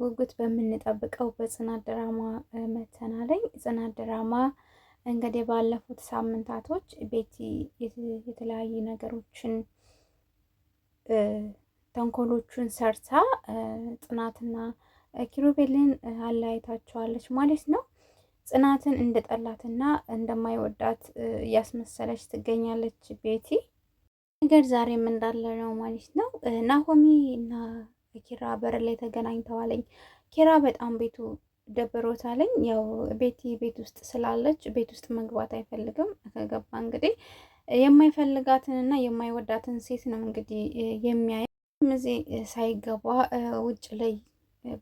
ጉጉት በምንጠብቀው በጽናት ድራማ መተናለኝ። ጽናት ድራማ እንግዲህ ባለፉት ሳምንታቶች ቤቲ የተለያዩ ነገሮችን ተንኮሎቹን ሰርታ ጽናትና ኪሩቤልን አለያይታቸዋለች ማለት ነው። ጽናትን እንደ ጠላትና እንደማይወዳት እያስመሰለች ትገኛለች ቤቲ ነገር ዛሬም እንዳለ ነው ማለት ነው። ናሆሚ እና ኪራ በር ላይ ተገናኝተዋለኝ። ኪራ በጣም ቤቱ ደብሮታለኝ። ያው ቤቲ ቤት ውስጥ ስላለች ቤት ውስጥ መግባት አይፈልግም። ከገባ እንግዲህ የማይፈልጋትንና የማይወዳትን ሴት ነው እንግዲህ የሚያየ እዚህ ሳይገባ ውጭ ላይ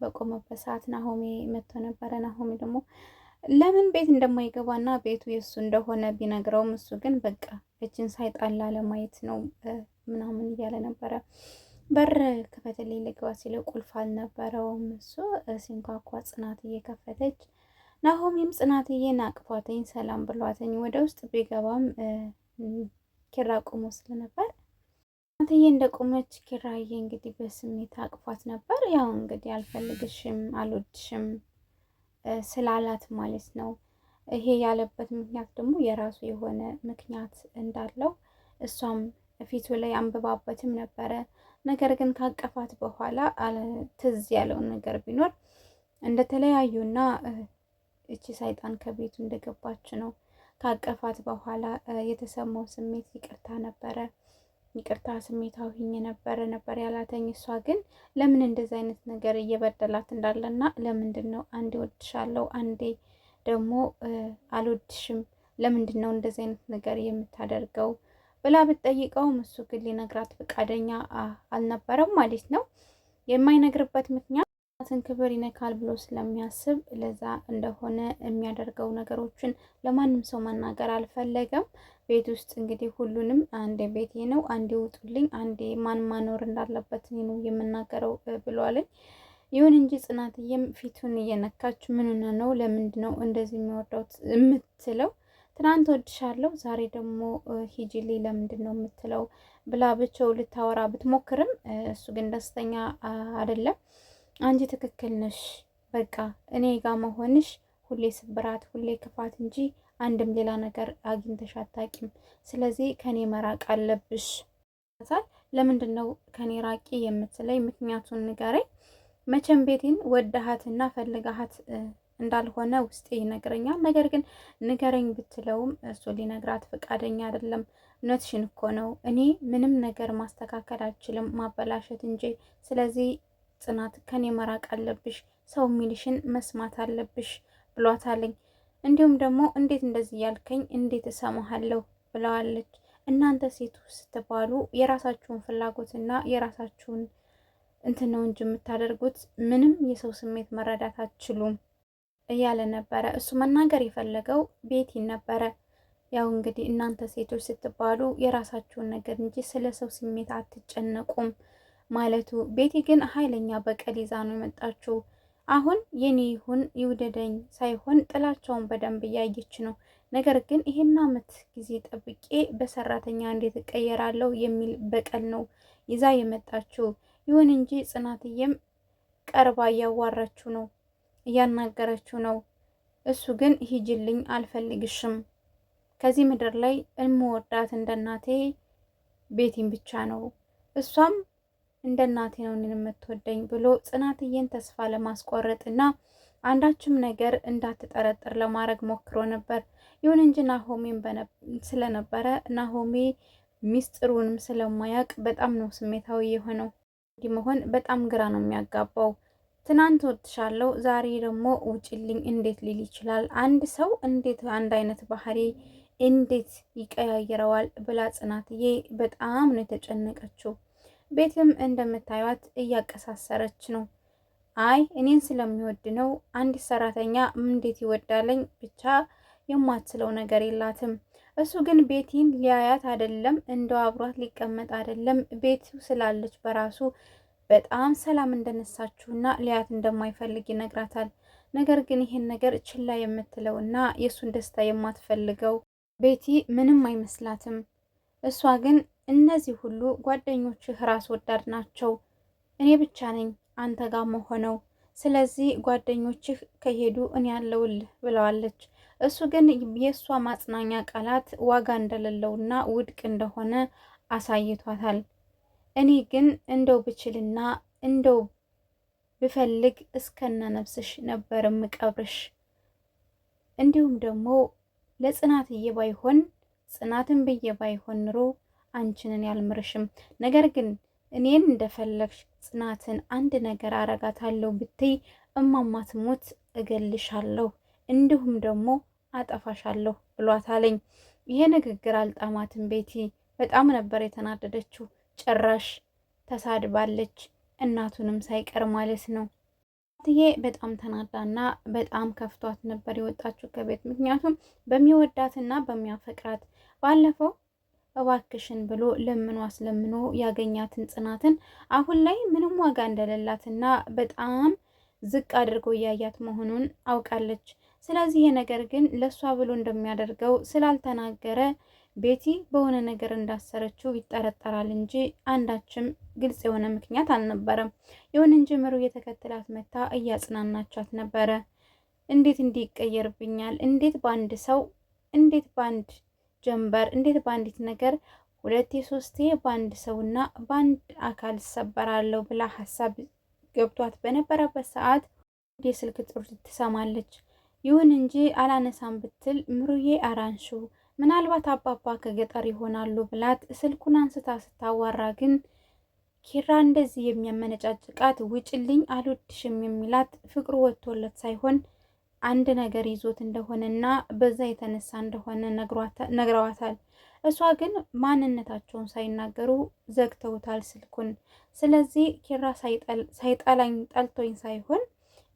በቆመበት ሰዓት ናሆሜ መጥቶ ነበረ። ናሆሜ ደግሞ ለምን ቤት እንደማይገባና ቤቱ የእሱ እንደሆነ ቢነግረውም እሱ ግን በቃ እችን ሳይጣላ ለማየት ነው ምናምን እያለ ነበረ። በር ክፈትልኝ ልግባ ሲለው ቁልፍ አልነበረውም። እሱ ሲንኳኳ ጽናት እየከፈተች ናሆሜም ጽናትዬን አቅፏትኝ ሰላም ብሏትኝ ወደ ውስጥ ቢገባም ኪራ ቆሞ ስለነበር ጽናትዬ እንደቆመች ኪራዬ እንግዲህ በስሜት አቅፏት ነበር። ያው እንግዲህ አልፈልግሽም፣ አልወድሽም ስላላት ማለት ነው። ይሄ ያለበት ምክንያት ደግሞ የራሱ የሆነ ምክንያት እንዳለው እሷም ፊቱ ላይ አንብባበትም ነበረ። ነገር ግን ካቀፋት በኋላ ትዝ ያለውን ነገር ቢኖር እንደተለያዩና እቺ ሰይጣን ከቤቱ እንደገባች ነው። ካቀፋት በኋላ የተሰማው ስሜት ይቅርታ ነበረ። ይቅርታ ስሜታዊ ነበረ ነበር ያላተኝ። እሷ ግን ለምን እንደዚ አይነት ነገር እየበደላት እንዳለና ለምንድን ነው አንዴ ወድሻለሁ አንዴ ደግሞ አልወድሽም፣ ለምንድን ነው እንደዚ አይነት ነገር የምታደርገው ብላ ብትጠይቀውም እሱ ግን ሊነግራት ፈቃደኛ አልነበረም ማለት ነው። የማይነግርበት ምክንያት እናትን ክብር ይነካል ብሎ ስለሚያስብ ለዛ እንደሆነ የሚያደርገው ነገሮችን ለማንም ሰው መናገር አልፈለገም። ቤት ውስጥ እንግዲህ ሁሉንም አንዴ ቤቴ ነው፣ አንዴ ውጡልኝ፣ አንዴ ማን ማኖር እንዳለበት ነው የምናገረው ብሏለኝ። ይሁን እንጂ ጽናትዬም ፊቱን እየነካች ምንነ ነው ለምንድን ነው እንደዚህ የሚወርደው የምትለው ትናንት ወድሻለሁ ዛሬ ደግሞ ሂጂሊ ለምንድን ነው የምትለው ብላ ብቻው ልታወራ ብትሞክርም እሱ ግን ደስተኛ አይደለም። አንቺ ትክክል ነሽ፣ በቃ እኔ ጋ መሆንሽ ሁሌ ስብራት፣ ሁሌ ክፋት እንጂ አንድም ሌላ ነገር አግኝተሽ አታቂም። ስለዚህ ከኔ መራቅ አለብሽ። ለምንድን ነው ከኔ ራቂ የምትለይ? ምክንያቱን ንገረኝ። መቼም ቤቴን ወደሃትና ፈልጋሃት እንዳልሆነ ውስጤ ይነግረኛል። ነገር ግን ንገረኝ ብትለውም እሱ ሊነግራት ፈቃደኛ አይደለም። እውነትሽን እኮ ነው፣ እኔ ምንም ነገር ማስተካከል አልችልም ማበላሸት እንጂ። ስለዚህ ጽናት ከኔ መራቅ አለብሽ፣ ሰው የሚልሽን መስማት አለብሽ ብሏታለኝ። እንዲሁም ደግሞ እንዴት እንደዚህ ያልከኝ እንዴት እሰማሃለሁ ብለዋለች። እናንተ ሴቱ ስትባሉ የራሳችሁን ፍላጎትና የራሳችሁን እንትን ነው እንጂ የምታደርጉት ምንም የሰው ስሜት መረዳት አትችሉም እያለ ነበረ። እሱ መናገር የፈለገው ቤቲን ነበረ። ያው እንግዲህ እናንተ ሴቶች ስትባሉ የራሳችሁን ነገር እንጂ ስለ ሰው ስሜት አትጨነቁም ማለቱ። ቤቲ ግን ኃይለኛ በቀል ይዛ ነው የመጣችው። አሁን የኔ ይሁን ይውደደኝ ሳይሆን ጥላቸውን በደንብ እያየች ነው። ነገር ግን ይሄን አመት ጊዜ ጠብቄ በሰራተኛ እንዴት እቀየራለሁ የሚል በቀል ነው ይዛ የመጣችው። ይሁን እንጂ ጽናትዬም ቀርባ እያዋራችው ነው እያናገረችው ነው። እሱ ግን ሂጅልኝ፣ አልፈልግሽም። ከዚህ ምድር ላይ እምወዳት እንደ እናቴ ቤቲን ብቻ ነው። እሷም እንደ እናቴ ነው እኔን የምትወደኝ ብሎ ጽናትዬን ተስፋ ለማስቆረጥ እና አንዳችም ነገር እንዳትጠረጥር ለማድረግ ሞክሮ ነበር። ይሁን እንጂ ናሆሜን ስለነበረ ናሆሜ ሚስጥሩንም ስለማያውቅ በጣም ነው ስሜታዊ የሆነው። እንዲህ መሆን በጣም ግራ ነው የሚያጋባው። ትናንት ወጥሻለሁ ዛሬ ደግሞ ውጭልኝ እንዴት ሊል ይችላል? አንድ ሰው እንዴት አንድ አይነት ባህሪ እንዴት ይቀያየረዋል? ብላ ጽናትዬ በጣም ነው የተጨነቀችው። ቤትም እንደምታዩት እያቀሳሰረች ነው። አይ እኔን ስለሚወድ ነው አንዲት ሰራተኛ እንዴት ይወዳለኝ ብቻ የማትስለው ነገር የላትም። እሱ ግን ቤቲን ሊያያት አይደለም እንደው አብሯት ሊቀመጥ አይደለም። ቤቱ ስላለች በራሱ በጣም ሰላም እንደነሳችሁና ሊያት እንደማይፈልግ ይነግራታል። ነገር ግን ይህን ነገር ችላ የምትለው እና የእሱን ደስታ የማትፈልገው ቤቲ ምንም አይመስላትም። እሷ ግን እነዚህ ሁሉ ጓደኞችህ ራስ ወዳድ ናቸው፣ እኔ ብቻ ነኝ አንተ ጋር መሆነው፣ ስለዚህ ጓደኞችህ ከሄዱ እኔ ያለውል ብለዋለች። እሱ ግን የእሷ ማጽናኛ ቃላት ዋጋ እንደሌለውና ውድቅ እንደሆነ አሳይቷታል። እኔ ግን እንደው ብችልና እንደው ብፈልግ እስከነ ነፍስሽ ነበር ምቀብርሽ። እንዲሁም ደግሞ ለጽናትዬ ባይሆን ጽናትን ብዬ ባይሆን ኑሮ አንቺንን ያልምርሽም። ነገር ግን እኔን እንደፈለግሽ ጽናትን አንድ ነገር አረጋታለሁ ብትይ እማማት ሞት እገልሻለሁ፣ እንዲሁም ደግሞ አጠፋሻለሁ ብሏታለኝ። ይሄ ንግግር አልጣማትን ቤቲ በጣም ነበር የተናደደችው። ጭራሽ ተሳድባለች፣ እናቱንም ሳይቀር ማለት ነው። ትዬ በጣም ተናዳና በጣም ከፍቷት ነበር የወጣችው ከቤት ምክንያቱም በሚወዳትና በሚያፈቅራት ባለፈው እባክሽን ብሎ ለምኖ አስለምኖ ያገኛትን ጽናትን አሁን ላይ ምንም ዋጋ እንደሌላትና በጣም ዝቅ አድርጎ እያያት መሆኑን አውቃለች። ስለዚህ ነገር ግን ለእሷ ብሎ እንደሚያደርገው ስላልተናገረ ቤቲ በሆነ ነገር እንዳሰረችው ይጠረጠራል እንጂ አንዳችም ግልጽ የሆነ ምክንያት አልነበረም። ይሁን እንጂ ምሩ እየተከተላት መታ እያጽናናቻት ነበረ። እንዴት እንዲቀየርብኛል? እንዴት በአንድ ሰው፣ እንዴት በአንድ ጀንበር፣ እንዴት በአንዲት ነገር ሁለቴ ሶስቴ በአንድ ሰውና በአንድ አካል እሰበራለሁ ብላ ሀሳብ ገብቷት በነበረበት ሰዓት የስልክ ጥሪ ትሰማለች። ይሁን እንጂ አላነሳም ብትል ምሩዬ አራንሹ ምናልባት አባባ ከገጠር ይሆናሉ ብላት ስልኩን አንስታ ስታዋራ ግን ኪራ እንደዚህ የሚያመነጫጭቃት ውጭልኝ አልወድሽም የሚላት ፍቅሩ ወጥቶለት ሳይሆን አንድ ነገር ይዞት እንደሆነና በዛ የተነሳ እንደሆነ ነግረዋታል። እሷ ግን ማንነታቸውን ሳይናገሩ ዘግተውታል ስልኩን። ስለዚህ ኪራ ሳይጠላኝ ጠልቶኝ ሳይሆን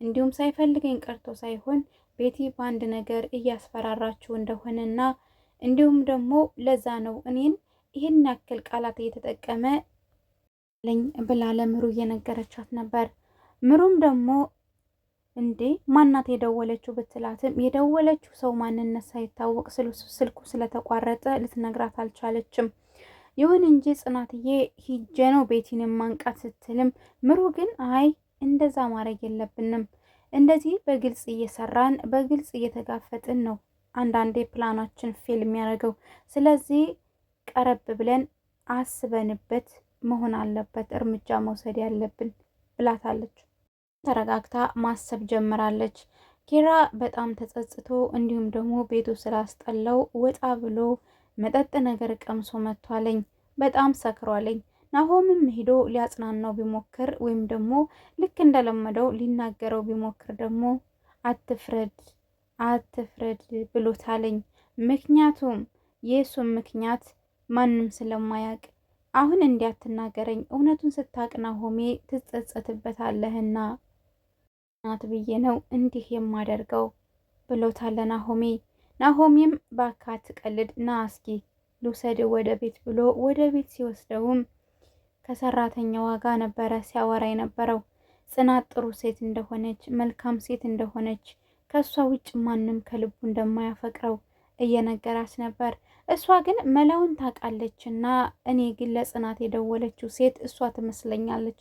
እንዲሁም ሳይፈልገኝ ቀርቶ ሳይሆን ቤቲ በአንድ ነገር እያስፈራራችሁ እንደሆነና እንዲሁም ደግሞ ለዛ ነው እኔን ይህን ያክል ቃላት እየተጠቀመ ለኝ ብላ ለምሩ እየነገረቻት ነበር። ምሩም ደግሞ እንዴ ማናት የደወለችው ብትላትም የደወለችው ሰው ማንነት ሳይታወቅ ስልኩ ስለተቋረጠ ልትነግራት አልቻለችም። ይሁን እንጂ ጽናትዬ ሂጄ ነው ቤቲን ማንቃት ስትልም፣ ምሩ ግን አይ እንደዛ ማድረግ የለብንም እንደዚህ በግልጽ እየሰራን በግልጽ እየተጋፈጥን ነው አንዳንዴ ፕላናችን ፌል የሚያደርገው። ስለዚህ ቀረብ ብለን አስበንበት መሆን አለበት እርምጃ መውሰድ ያለብን ብላታለች። ተረጋግታ ማሰብ ጀምራለች። ኪራ በጣም ተጸጽቶ እንዲሁም ደግሞ ቤቱ ስላስጠላው ወጣ ብሎ መጠጥ ነገር ቀምሶ መጥቷለኝ። በጣም ሰክሯለኝ። ናሆምም ሄዶ ሊያጽናናው ቢሞክር ወይም ደግሞ ልክ እንደለመደው ሊናገረው ቢሞክር ደግሞ አትፍረድ አትፍረድ ብሎታለኝ። ምክንያቱም የእሱም ምክንያት ማንም ስለማያውቅ አሁን እንዲያትናገረኝ እውነቱን ስታውቅ ናሆሜ ትጸጸትበታለህና ናት ብዬ ነው እንዲህ የማደርገው ብሎታለ ናሆሜ። ናሆሜም ባካ ትቀልድ ና አስጊ ልውሰድ ወደ ቤት ብሎ ወደ ቤት ሲወስደውም ከሰራተኛዋ ጋር ነበረ ሲያወራ የነበረው። ጽናት ጥሩ ሴት እንደሆነች መልካም ሴት እንደሆነች ከእሷ ውጭ ማንም ከልቡ እንደማያፈቅረው እየነገራት ነበር። እሷ ግን መላውን ታውቃለች እና እኔ ግን ለጽናት የደወለችው ሴት እሷ ትመስለኛለች።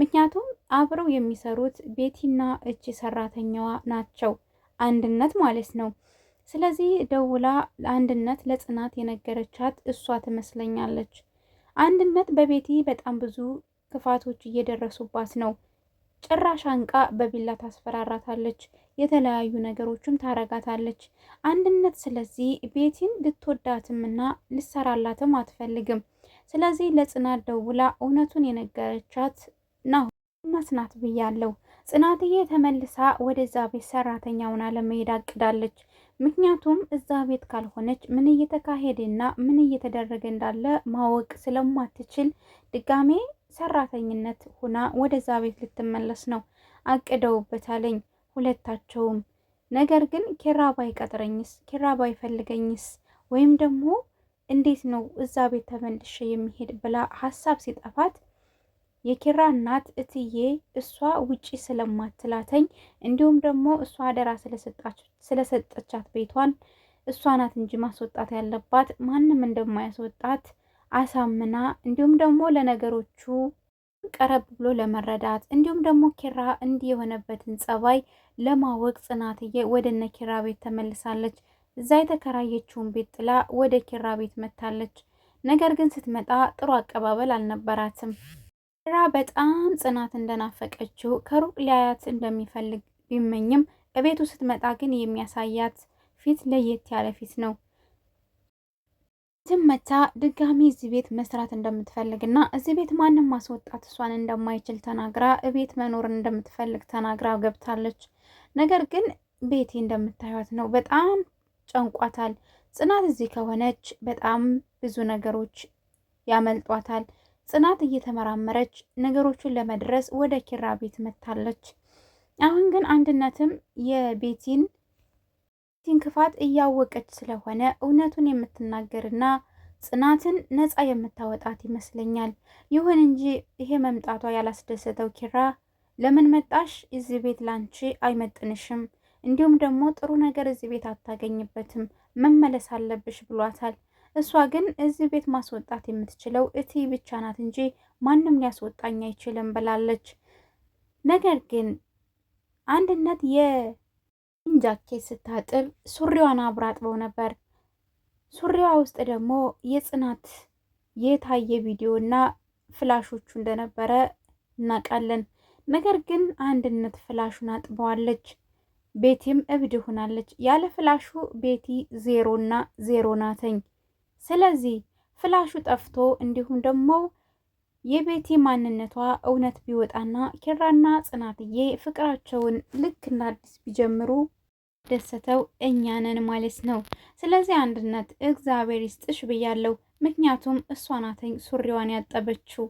ምክንያቱም አብረው የሚሰሩት ቤቲና እቺ ሰራተኛዋ ናቸው፣ አንድነት ማለት ነው። ስለዚህ ደውላ አንድነት ለጽናት የነገረቻት እሷ ትመስለኛለች። አንድነት በቤቲ በጣም ብዙ ክፋቶች እየደረሱባት ነው። ጭራሽ አንቃ በቢላ ታስፈራራታለች። የተለያዩ ነገሮችም ታረጋታለች። አንድነት ስለዚህ ቤቲን ልትወዳትም እና ልሰራላትም አትፈልግም። ስለዚህ ለጽናት ደውላ እውነቱን የነገረቻት ናሁ መስናት ብያለው። ጽናትዬ ተመልሳ ወደዛ ቤት ሰራተኛውን አለመሄድ ለመሄድ አቅዳለች። ምክንያቱም እዛ ቤት ካልሆነች ምን እየተካሄደና ምን እየተደረገ እንዳለ ማወቅ ስለማትችል ድጋሜ ሰራተኝነት ሁና ወደዛ ቤት ልትመለስ ነው አቅደውበታለኝ ሁለታቸውም። ነገር ግን ኪራ ባይቀጥረኝስ፣ ኪራ ባይፈልገኝስ ወይም ደግሞ እንዴት ነው እዛ ቤት ተመልሼ የሚሄድ ብላ ሀሳብ ሲጠፋት የኪራ እናት እትዬ እሷ ውጪ ስለማትላተኝ እንዲሁም ደግሞ እሷ አደራ ስለሰጠቻት ቤቷን እሷ ናት እንጂ ማስወጣት ያለባት ማንም እንደማያስወጣት አሳምና እንዲሁም ደግሞ ለነገሮቹ ቀረብ ብሎ ለመረዳት እንዲሁም ደግሞ ኪራ እንዲህ የሆነበትን ጸባይ ለማወቅ ጽናትዬ ወደ እነ ኪራ ቤት ተመልሳለች። እዛ የተከራየችውን ቤት ጥላ ወደ ኪራ ቤት መታለች። ነገር ግን ስትመጣ ጥሩ አቀባበል አልነበራትም። ኪራ በጣም ጽናት እንደናፈቀችው ከሩቅ ሊያያት እንደሚፈልግ ቢመኝም እቤቱ ስትመጣ ግን የሚያሳያት ፊት ለየት ያለ ፊት ነው። ትመታ ድጋሚ እዚህ ቤት መስራት እንደምትፈልግና እዚህ ቤት ማንም ማስወጣት እሷን እንደማይችል ተናግራ እቤት መኖር እንደምትፈልግ ተናግራ ገብታለች። ነገር ግን ቤቴ እንደምታዩት ነው፣ በጣም ጨንቋታል። ጽናት እዚህ ከሆነች በጣም ብዙ ነገሮች ያመልጧታል። ጽናት እየተመራመረች ነገሮቹን ለመድረስ ወደ ኪራ ቤት መታለች። አሁን ግን አንድነትም የቤቲን የጽናትን ክፋት እያወቀች ስለሆነ እውነቱን የምትናገርና ጽናትን ነፃ የምታወጣት ይመስለኛል። ይሁን እንጂ ይሄ መምጣቷ ያላስደሰተው ኪራ ለምን መጣሽ? እዚህ ቤት ላንቺ አይመጥንሽም፣ እንዲሁም ደግሞ ጥሩ ነገር እዚህ ቤት አታገኝበትም፣ መመለስ አለብሽ ብሏታል። እሷ ግን እዚህ ቤት ማስወጣት የምትችለው እቲ ብቻ ናት እንጂ ማንም ሊያስወጣኝ አይችልም ብላለች። ነገር ግን አንድነት የ ጃኬት ስታጥብ ሱሪዋን አብራ አጥበው ነበር። ሱሪዋ ውስጥ ደግሞ የጽናት የታየ ቪዲዮ እና ፍላሾቹ እንደነበረ እናውቃለን። ነገር ግን አንድነት ፍላሹን አጥበዋለች። ቤቲም እብድ ሆናለች። ያለ ፍላሹ ቤቲ ዜሮና ዜሮ ናተኝ። ስለዚህ ፍላሹ ጠፍቶ እንዲሁም ደግሞ የቤቲ ማንነቷ እውነት ቢወጣና ኪራና ጽናትዬ ፍቅራቸውን ልክ እንደ አዲስ ቢጀምሩ ደሰተው እኛነን ማለት ነው። ስለዚህ አንድነት እግዚአብሔር ይስጥሽ ብያለሁ። ምክንያቱም እሷ ናተኝ ሱሪዋን ያጠበችው